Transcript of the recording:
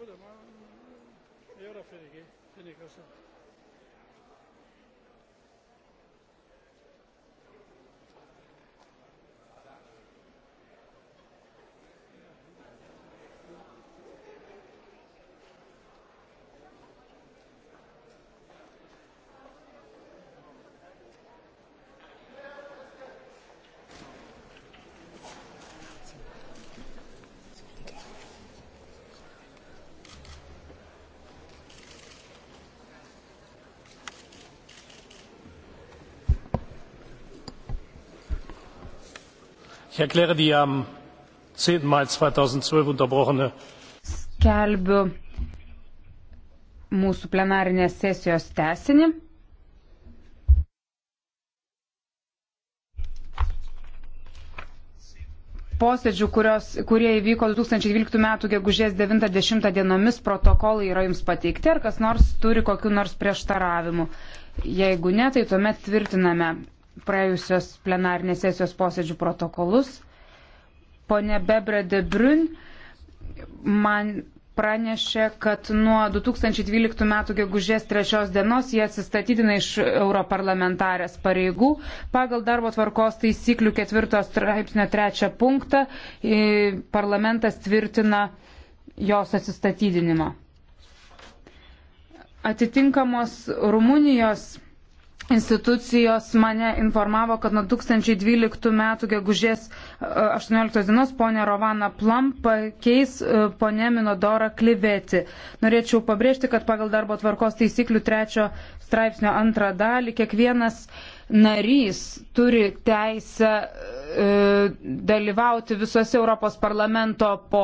kudde, maar een euro vind ik, vind ik als dat. ich erkläre die am. zehn mai zweitausendzwölf unterbrochene skelbiu mūsų plenarinės sesijos tęsinį. posėdžių, kurios, kurie įvyko 2012 m. gegužės 9-10 dienomis, protokolai yra jums pateikti, ar kas nors turi kokiu nors prieštaravimu. Jeigu ne, tai tuomet tvirtiname praėjusios plenarnės sesijos posėdžių protokolus. Pone Bebre de Brun man pranešė, kad nuo 2012 m. gegužės 3 dienos jie atsistatydina iš europarlamentarės pareigų. Pagal darbo tvarkos taisyklių 4 straipsnio 3 punktą parlamentas tvirtina jos atsistatydinimą. Atitinkamos Rumunijos institucijos mane informavo, kad nuo 2012 metų gegužės 18 e, dienos ponė Rovana Plam pakeis e, ponė Minodora Kliveti. Norėčiau pabrėžti, kad pagal darbo tvarkos taisyklių trečio straipsnio antrą dalį kiekvienas narys turi teisę e, dalyvauti visuose Europos parlamento po